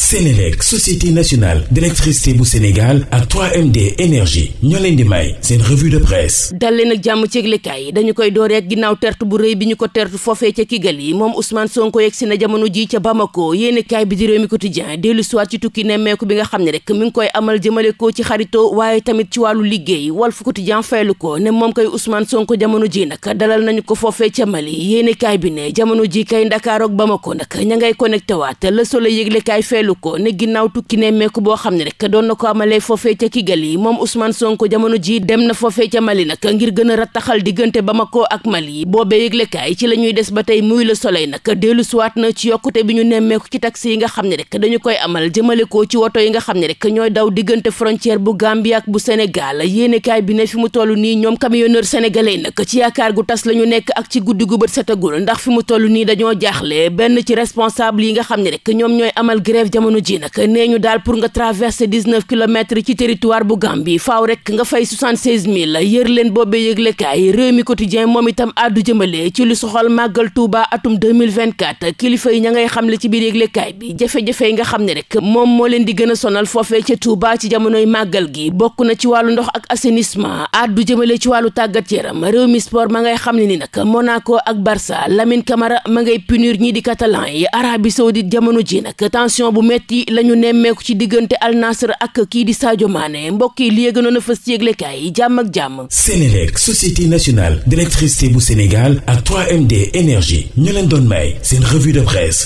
Sénélec société nationale d'électricité bu Sénégal ak 3MD énergie ñoo leen di may seen revue de presse dal leen jàmm ci yëglekaay yi dañu koy dooree ak ginnaaw tertu bu rëy bi ñu ko tertu foofee ca Kigali moom Ousmane Sonko yegg si na jamono ji ca Bamako yéenekaay bi di Rewmi Quotidien dellu siwaat ci tukki nemmeeku bi nga xam ne rek mi ngi koy amal jëmale ko ci xaritoo waaye tamit ci wàllu liggéey Walf Quotidien faylu ko ne moom koy Ousmane Sonko jamono ji nag dalal nañu ko foofee ca Mali yéenekaay bi ne jamono ji kay Ndakaar ak Bamako nag ña rafetlu ko ne ginnaaw tukki nemmeeku boo xam ne rek doon na ko amalee foofee ca yi moom Ousmane Sonko jamono ji dem na foofee ca Mali nag ngir gën a rattaxal diggante ko ak Mali boobee yëglekaay ci la ñuy des ba tey muy le soleil nag dellu siwaat na ci yokkute bi ñu nemmeeku ci taxi yi nga xam ne rek dañu koy amal jëmale ko ci woto yi nga xam ne rek ñooy daw diggante frontière bu Gambie ak bu Sénégal yéenekaay bi ne fi mu toll nii ñoom camionneur sénégalais nag ci yaakaar gu tas la ñu nekk ak ci guddi gu bët setagul ndax fi mu toll nii dañoo jaaxle benn ci responsable yi nga xam jamono ji nag nee ñu daal pour nga traverser kilomètres ci territoire bu Gambie faaw rek nga fay soixante-seize yëglekaay réew mi quotidien moom itam àddu jëmale ci lu soxal màggal Touba atum kilifa yi ña ngay xamle ci biir yëglekaay bi jafe-jafe yi nga xam ne rek moom moo leen di gën a sonal foofee ca Touba ci jamonoy màggal gi bokk na ci wàllu ndox ak assainissement àddu jëmale ci wàllu tàggat yaram réew mi sport ma ngay xam ne ni nag Monaco ak Barça Lamine Camara bu metti la ñu nemmeeku ci diggante Al ak kii di Sadio Mané mbokk yi li yëgënoon a fës ci yëglekaay yi jàmm ak jàmm. Sénélec société nationale d'électricité bu Sénégal ak 3 d énergie ñu leen doon may seen revue de presse.